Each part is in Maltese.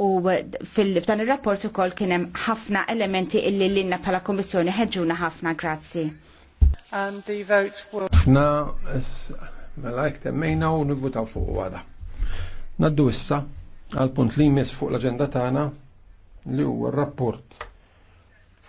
U f'dan ir-rapport ukoll kien hemm ħafna elementi illi l-inna bħala Kommissjoni ħeġġuna ħafna grazzi. And the votes were... Ħafna mela jek temmejna u nivvutaw fuq għada. Naddu issa għal punt li jmiss fuq l aġenda tagħna li huwa r-rapport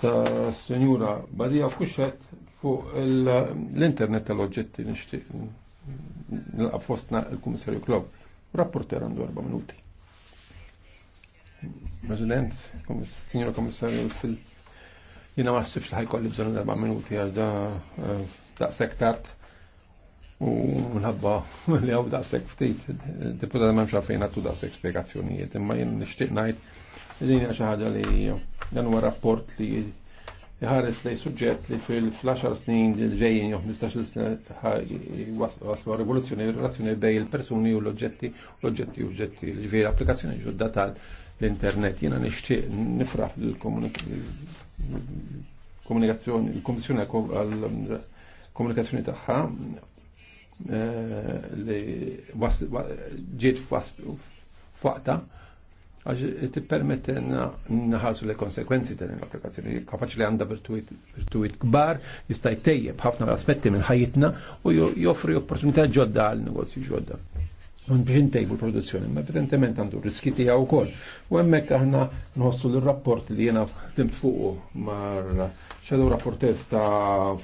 ta' Senjura Badija Kuxet fuq l-internet tal-oġġetti nixtieq nilqa' fostna l-Kummissarju Klob. Rapporter għandu erba' minuti. President, Signora Komissarju, jina ma s-sifx ħajkolli bżonu darba minuti għal da eh, da' sektart u nħabba li għaw da' sek ftit. Deputata ma fejna tu da' sek spiegazzjonijiet, imma jien nishtiq najt jizini għaxa ħagġa li dan huwa rapport li ħares li suġġett li fil-10 snin ġejjin jew 15 snin waslu rivoluzzjoni relazzjoni bej il-persuni u l-oġġetti, l-oġġetti u l-oġġetti, ġifieri applikazzjoni ġudda tal l-internet. Jena nishtiq nifraħ l-komunikazzjoni, l-komissjoni għal-komunikazzjoni taħħa eh, li ġiet f'waqta għax t-permettenna naħasu le konsekwenzi ta' l-applikazzjoni. Kapaċi li għanda virtuit kbar, jista' jtejjeb ħafna aspetti minn ħajitna u joffri opportunità ġodda għal negozju ġodda non biex intejbu produzzjoni, ma evidentement għandu riski u koll. U emmek aħna nħossu l-rapport li jena timt fuqu mar xedew rapportez ta'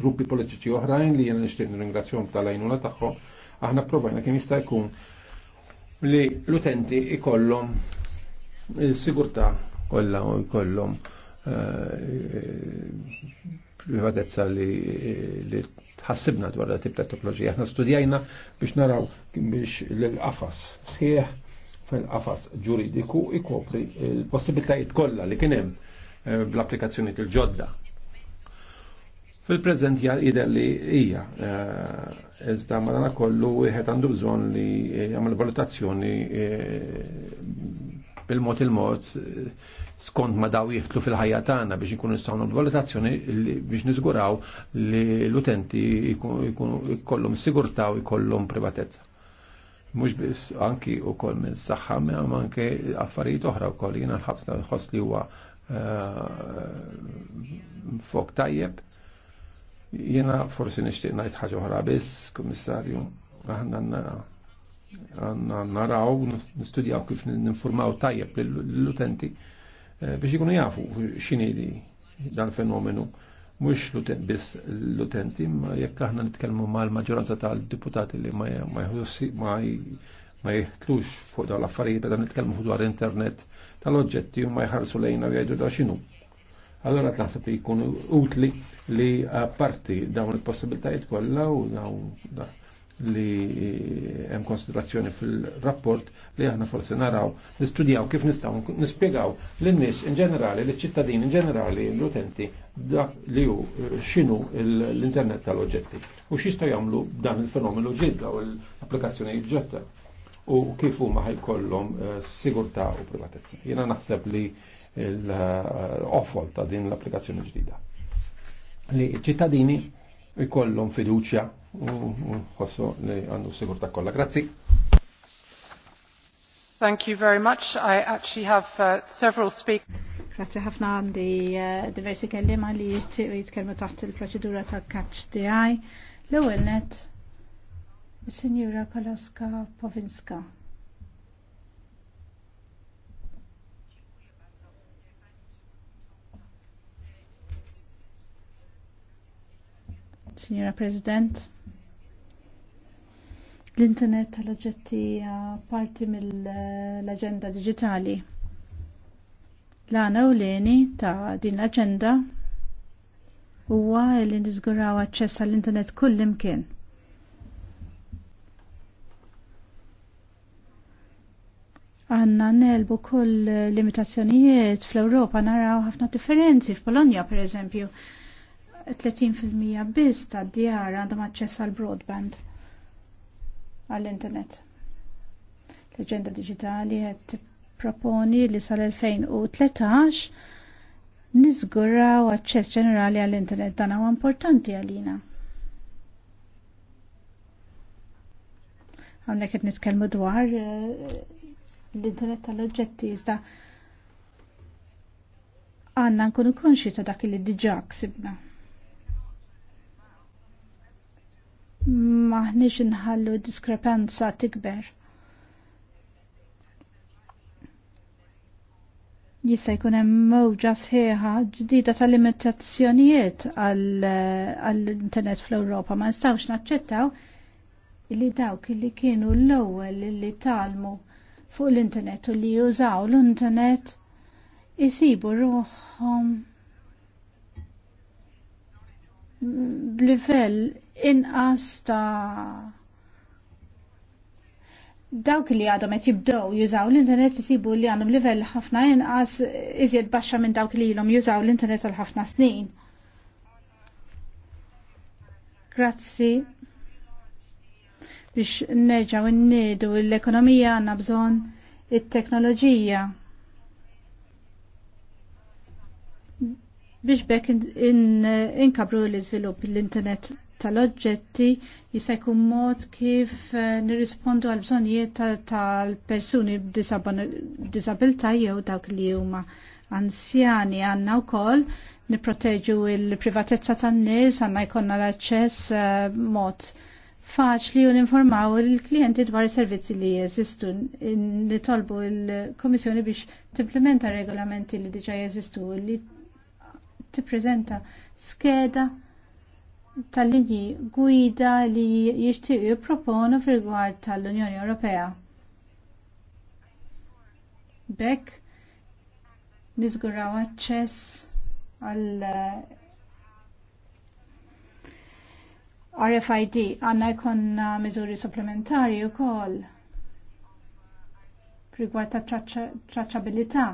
gruppi politiċi oħrajn li jiena nixtieq nirringrazzjahom tal la taħħo, aħna provajna kien jista' jkun li l-utenti ikollhom il sigurta kollha u jkollhom eh, privatezza li tħassibna dwar tip ta' teknoloġija. Aħna studjajna biex naraw biex l-qafas sħiħ fil-qafas ġuridiku ikopri l-possibilitajiet kollha li kien hemm eh, bl-applikazzjoni til-ġodda. fil prezent jgħidha li hija eh, iżda madana kollu wieħed għandu bżonn li jagħmel valutazzjoni eh, bil-mod il-mod eh, skont ma daw jieħtlu fil-ħajja tagħna biex nkunu nistgħu valutazzjoni biex niżguraw li l-utenti jkollhom sigurtà u jkollhom privatezza. Mhux biss anki wkoll minn saħħa ma anke affarijiet oħra wkoll jiena l-ħabsna nħoss li huwa eh, fok tajjeb. Jiena forsi nixtieq ngħid ħaġa oħra biss, Kummissarju, aħna nara naraw, nistudjaw kif ninformaw tajjeb l-utenti eh, biex ikunu jafu xini li dan fenomenu. Mux l-utent biss l-utenti, ma jekk aħna nitkellmu ma l maġoranza tal-diputati li ma ma jħtlux fuq dawn l-affarijiet, beda nitkellmu fuq dwar internet tal-oġġetti u ma jħarsu lejna u jgħidu da xinu. Allora naħseb li jkunu utli li parti dawn il-possibilitajiet kollha u dawn li eh, hemm konsiderazzjoni fil-rapport li aħna forsi naraw nistudjaw kif nistgħu nispjegaw lin-nies in ġenerali, liċ ċittadini in ġenerali, l-utenti dak li hu eh, x'inhu l-internet tal-oġġetti u x'jistgħu jagħmlu dan il-fenomenu ġidda u l-applikazzjoni ġodda u kif huma ħajkollhom eh, sigurtà u privatezza. Jiena naħseb li l-offol ta' din l-applikazzjoni ġdida. Li ċittadini jkollhom fiduċja u li għandu sigurta kollha. Grazzi. Thank you very much. I actually have uh, several speakers. Grazie ħafna għandi uh, diversi kellima li jitkellmu taħt il-proċedura ta' catch the L-ewwel net is-Sinjura Koloska Povinska. Signora President. L-internet tal-oġġetti parti mill-agenda digitali. L-għana u l-eni ta' din l-agenda huwa li nizguraw aċċess għall-internet kull imkien. għanna nelbu kull limitazzjonijiet fl-Europa naraw ħafna differenzi f'Polonja per eżempju 30% biss ta' djar għandhom aċċess għal broadband għall-internet. L-Aġenda Digitali qed proponi li sal-2013 niżguraw aċċess ġenerali għall-internet dan huwa importanti għalina. Hawnhekk qed nitkellmu dwar eh, l-internet tal-oġġetti iżda għanna nkunu konxi ta' dak li diġa ksibna maħniġ inħallu diskrepanza tikber. Jista' jkun hemm mowġa sħiħa ġdida ta' limitazzjonijiet għall-internet fl-Ewropa ma nistgħux naċċettaw li dawk li kienu l-ewwel li talmu fuq l-internet u li jużaw l-internet isibu ruħhom b'livell inqas ta' dawk li għadhom qed jibdew jużaw l-internet isibu li għandhom livell ħafna inqas iżjed baxxa minn dawk li ilhom jużaw l-internet għal ħafna snin. Grazzi biex nerġaw innidu l-ekonomija għandna bżon it teknoloġija Biex bekk inkabru l iżvilupp l-internet tal-oġġetti jista' jkun mod kif eh, nirrispondu għal bżonnijiet tal-persuni b'disabilità jew dawk li huma anzjani għandna wkoll nipproteġu l privatezza tan-nies għandna jkollna l-aċċess eh, mod faċli u ninformaw il-klijenti dwar is-servizzi li jeżistu. Nitolbu il-Komissjoni biex timplementa regolamenti li diġà jeżistu li tippreżenta skeda tal-linji gwida li jixtiequ jipproponu fil-gwar tal-Unjoni Ewropea. B'hekk niżguraw aċċess għal eh, RFID għanna jkonna miżuri supplementari u koll rigward ta' traċabilità.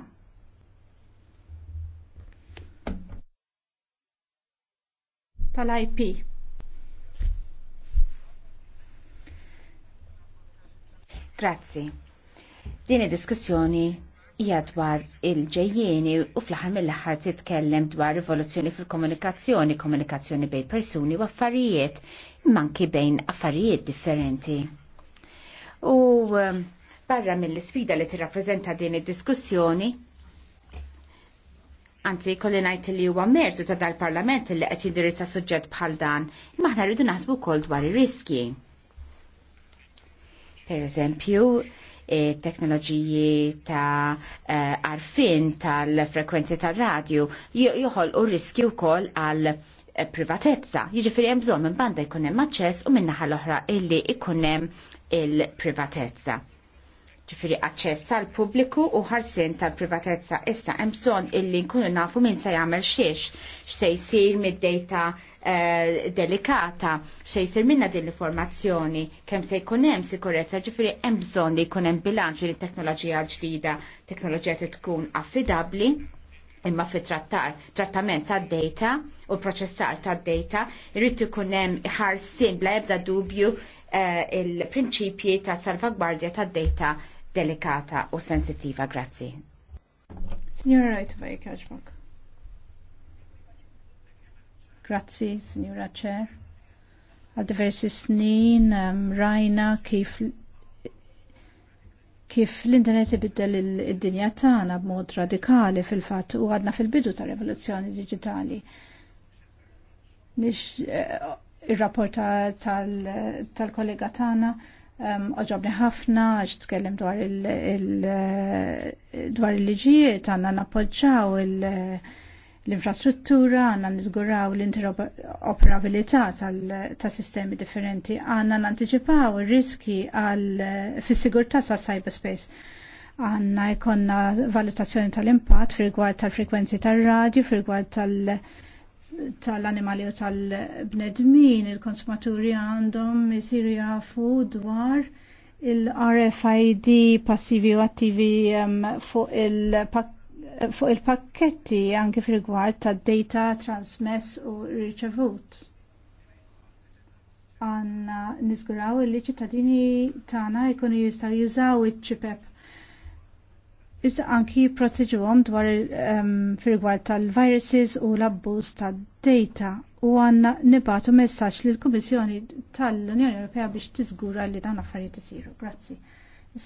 tal-IP. Grazzi. Din id-diskussjoni hija dwar il-ġejjeni u fl-aħħar mill-aħħar titkellem dwar rivoluzzjoni fil-komunikazzjoni, komunikazzjoni bejn persuni u affarijiet, manki bejn affarijiet differenti. U um, barra mill-sfida li tirrappreżenta din id-diskussjoni, Anzi, kolli najt li huwa merzu ta' dal-parlament li qed jindirizza suġġett bħal dan, imma aħna rridu naħsbu wkoll dwar ir-riski. Per eżempju, e, teknoloġiji ta' e, għarfien tal-frekwenzi tal-radju joħol u riskju kol għal e, privatezza. Jiġifieri hemm bżonn minn banda jkun hemm aċċess u minn naħa l-oħra illi jkun hemm il-privatezza ġifiri aċċess għal pubbliku u ħarsien tal-privatezza. Issa hemm bżonn illi nkunu nafu min se jagħmel xiex, x'se jsir mid-data eh, delikata, x'se jsir minna din l-informazzjoni, kemm se jkun hemm sikurezza, ġifieri hemm bżonn li jkun hemm bilanċ li teknoloġija ġdida, teknoloġija li tkun affidabbli imma fi trattar, trattament tad data u proċessar tad data irrid ikun hemm ħarsien bla ebda dubju eh, il-prinċipji ta' salvagwardja tad data delikata u sensitiva. Grazzi. Signora Rajtova, jkaġbak. Grazzi, Signora Cer. Għal diversi snin um, rajna kif kif l-internet ibiddel id-dinja tagħna b'mod radikali fil-fatt u għadna fil-bidu ta' rivoluzzjoni digitali. Nix eh, ir-rapport tal-kollega tagħna Oġobni ħafna, għax tkellem dwar il-liġijiet, għanna napoġġaw l-infrastruttura, għanna nizguraw l-interoperabilità ta' sistemi differenti, għanna nanticipaw il-riski fis-sigurtà sa' cyberspace. Għanna jkonna valutazzjoni tal-impatt fil-gwad tal-radio, fil-gwad tal-, -radio, fil tal radio tal-animali u tal-bnedmin, il-konsumaturi għandhom jisiru jafu dwar il-RFID passivi u attivi fuq il-pakketti il anke fil-gwart ta' data transmess u riċevut. Għanna nizguraw il-li ċittadini tana jkunu jistaw jużaw il-ċipep Issa anki jipproteġuhom dwar um, tal-viruses u l-abbuż tad-data u għanna nibatu messaġġ lill kummissjoni tal-Unjoni Ewropea biex tiżgura li dan affarijiet isiru. Grazzi.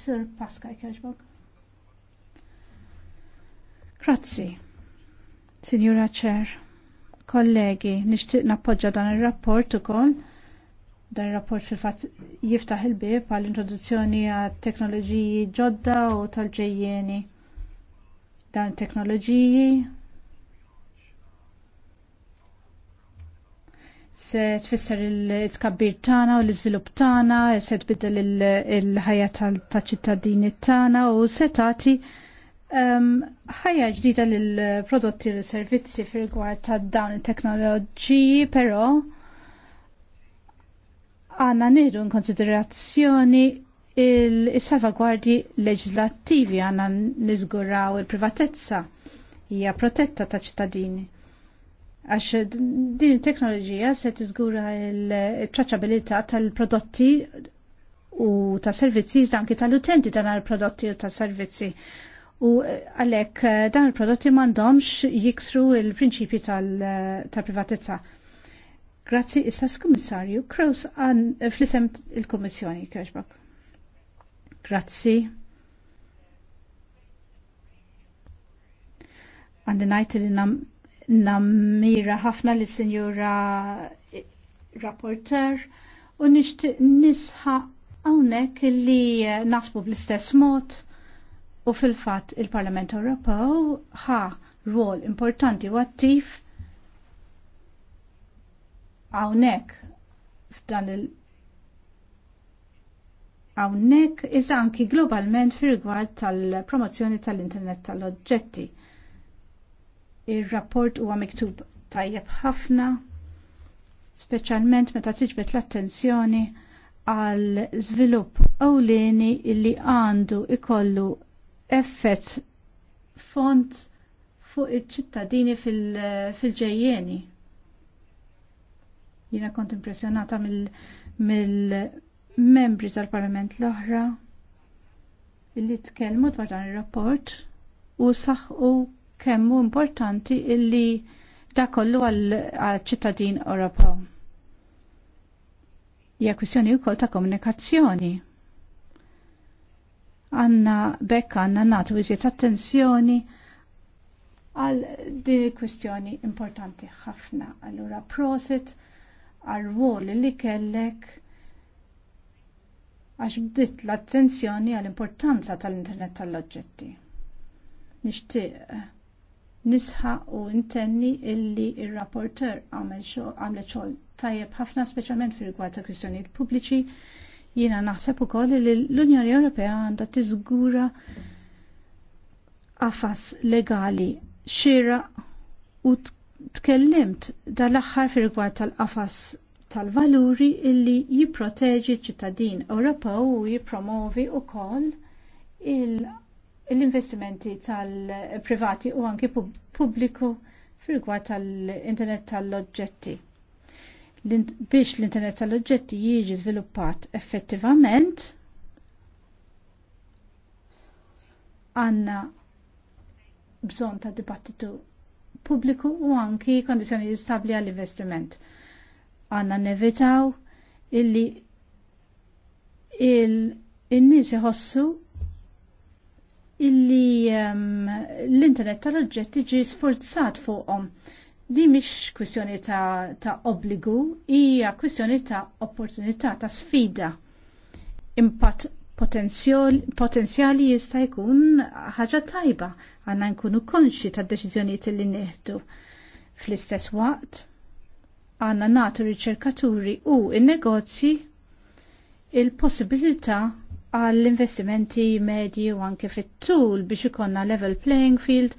sir Pascal Kirchberg. Grazzi. Signora Ċer, kollegi, nixtieq nappoġġa dan ir-rapport ukoll Dan il-rapport fil-fat jiftaħ il-bib għall-introduzzjoni għat teknoloġiji ġodda u tal-ġejjeni. Dan teknoloġiji se tfisser il-tkabbir tagħna u l izvilup tagħna, se tbiddel il-ħajja tal-ċittadini tagħna u se tati ehm, ħajja ġdida lill prodotti u l-servizzi fil-gwar ta' dawn it teknoloġiji però għanna nidu konsiderazzjoni il-salvagwardi leġislattivi għanna nizguraw il-privatezza hija protetta ta' ċittadini. Għax din il-teknoloġija se tiżgura il-traċabilità tal-prodotti u ta' servizzi anki tal-utenti dan il prodotti u ta' servizzi. U eh, għalek eh, dan il-prodotti mandomx jiksru il-prinċipi eh, tal-privatezza. Tal Grazzi issa komissarju Kraus għan eh, fl-isem il komissjoni kħeġbak. Grazzi. Għandi najt li nammira ħafna li sinjura eh, rapporter u nishtiq nisħa għonek li eh, nasbu bl-istess mod u fil-fat il-Parlament Ewropew ħa rwol importanti u attiv hawnhekk f'dan il- hawnhekk iżda anki globalment fir-rigward tal-promozzjoni tal-Internet tal-oġġetti. Ir-rapport huwa miktub tajjeb ħafna, speċjalment meta tiġbed l-attenzjoni għal żvilupp ewlieni li għandu ikollu effett font fuq iċ-ċittadini fil-ġejjeni. Jiena kont impressjonata mill-membri mil tal-Parlament l-oħra illi tkellmu dwar dan ir-rapport u saħħu kemmu importanti illi da kollu għal ċittadin Ewropew. Hija kwistjoni wkoll ta' komunikazzjoni. Għanna bekk għanna natu iżjed attenzjoni għal din il-kwistjoni importanti ħafna. Allura prosit għal-rwol li kellek għax bdiet l-attenzjoni għall-importanza tal-internet tal-oġġetti. Nixtieq nisħa u intenni illi ir-rapporter għamlet xogħol tajjeb ħafna speċjalment fir rigward ta' kwistjonijiet pubbliċi jiena naħseb ukoll li l-Unjoni Ewropea għandha tiżgura qafas legali xira u tkun tkellimt dal-aħħar fil-rigward tal-qafas tal-valuri illi jipproteġi ċittadin Ewropew u jipromovi wkoll l-investimenti tal-privati u anki pubbliku fil-rigward tal-internet tal-oġġetti. Biex l-internet tal-oġġetti jiġi żviluppat effettivament għandna bżonn ta' dibattitu pubbliku u anki kondizjoni stabli għall-investiment. Għanna nevitaw illi il nisi hossu illi ehm, l-internet tal-oġġett iġi sforzat fuqhom. Di mish kwestjoni ta', ta obbligu, hija kwistjoni ta' opportunità, ta' sfida. Impatt potenzjali jista' jkun ħaġa tajba għandna nkunu konxi tad-deċiżjonijiet li nieħdu. Fl-istess waqt għandna nagħtu riċerkaturi u n-negozji il possibilità għall-investimenti medji u anke fit-tul biex ikonna level playing field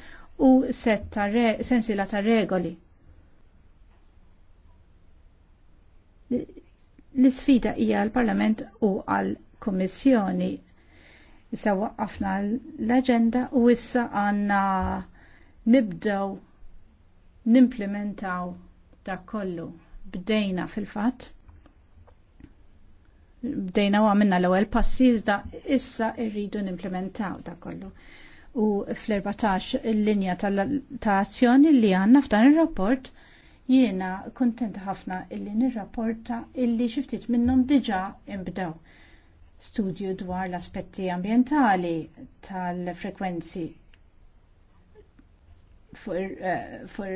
u sensiela ta' sensila ta' regoli. l isfida hija l parlament u għal kummissjoni Issa waqqafna l-agenda u issa għanna nibdew nimplementaw da kollu. Bdejna fil-fat. Bdejna u għamilna l-ewel passi iżda issa irridu nimplementaw da kollu. U fl-14 il-linja ta' azzjoni li għanna f'dan il-rapport jiena kontenta ħafna illi nirrapporta illi xiftit minnom diġa imbdew studju dwar l-aspetti ambjentali tal-frekwenzi fuq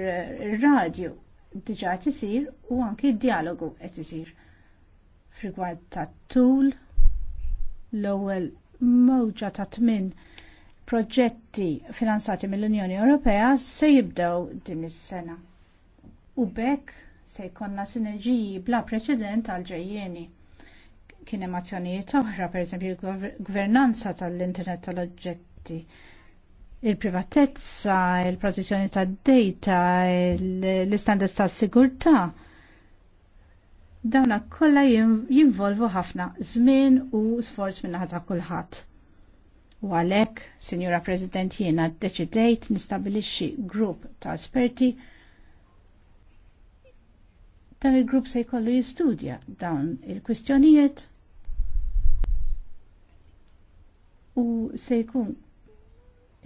ir-radju eh, eh, diġà qed isir u anki d-dialogu qed isir. Frigward tat-tul, l-ewwel mowġa ta' tmien proġetti finanzati mill-Unjoni Ewropea se jibdew din is-sena. U bekk se jkollna sinerġiji bla preċedent għal ġejjieni kien hemm azzjonijiet oħra, pereżempju l-gvernanza tal-Internet tal-oġġetti, il-privatezza, il-protezzjoni tad-data, l-istandards tas-sigurtà. Dawna kollha jinvolvu ħafna żmien u sforz minnaħa ta' kulħadd. U għalhekk, Sinjura President, jiena ddeċidejt nistabilixxi grupp ta' esperti dan il-grupp se jkollu jistudja dawn il-kwistjonijiet u se jkun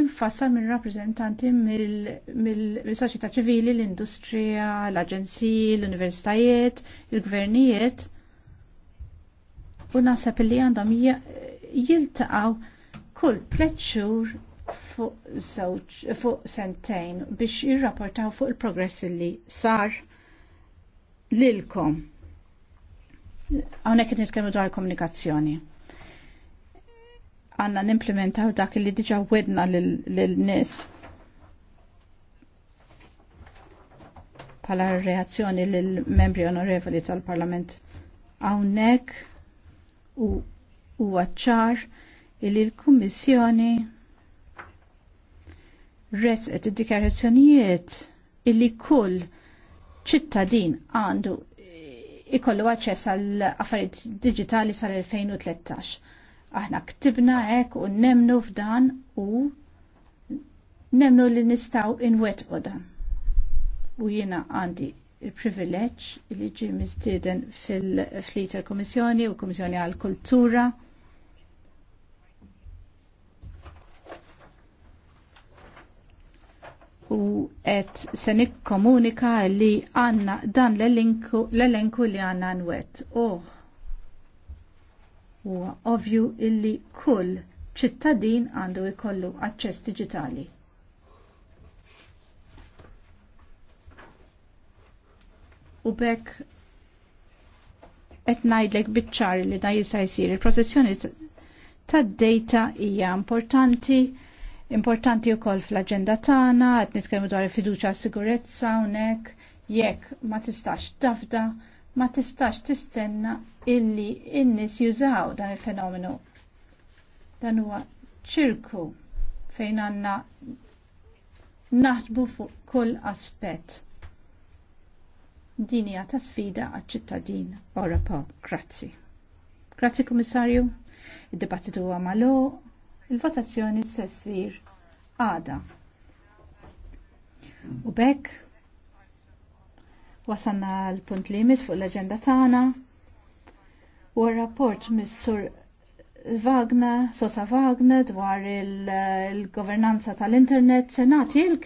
infassal minn rappresentanti mill-soċjetà ċivili, l-industrija, l-aġenziji, l-universitajiet, il-gvernijiet u naħseb li għandhom jiltaqgħu kull tletxur fuq żewġ fuq sentejn biex jirrapportaw fuq il-progress li sar lilkom. Hawnhekk qed nitkellmu dwar komunikazzjoni għanna nimplementaw dak li diġa wedna l-nis. Pala reazzjoni l-membri onorevoli tal-Parlament għawnek u għacċar li l-Kommissjoni reset id dikarazzjonijiet illi kull ċittadin għandu ikollu għacċess għal affarijiet digitali sal-2013 Aħna ktibna hekk u nemnu f'dan u nemnu li nistaw inwetqu dan. U jiena għandi il-privileġġ li ġi mistieden fil-flita l-Komissjoni u Komissjoni għal-Kultura. U et se nikkomunika li għanna dan l-elenku li għanna nwet. Oh, Huwa ovvju illi kull ċittadin għandu jkollu aċċess diġitali. U bekk qed ngħidlek biċ-ċar li da jista' jsir. Il-protezzjoni tad-data hija importanti importanti wkoll fl-aġenda tagħna, qed nitkellmu dwar il-fiduċja sigurezza hawnhekk, jekk ma tistax tafda ma tistax tistenna illi n nies jużaw dan il-fenomenu. Dan huwa ċirku fejn għandna naħdbu fuq kull aspett. Din hija ta' sfida għaċ-ċittadin Ewropew. Grazzi. Grazzi Kummissarju. Id-dibattitu huwa magħluq. Il-votazzjoni se ssir għada. U bekk Wasanna l-punt li jmiss fuq l-agenda tagħna. U r-rapport mis-sur Wagner, Sosa Wagner dwar il-governanza tal-internet senati il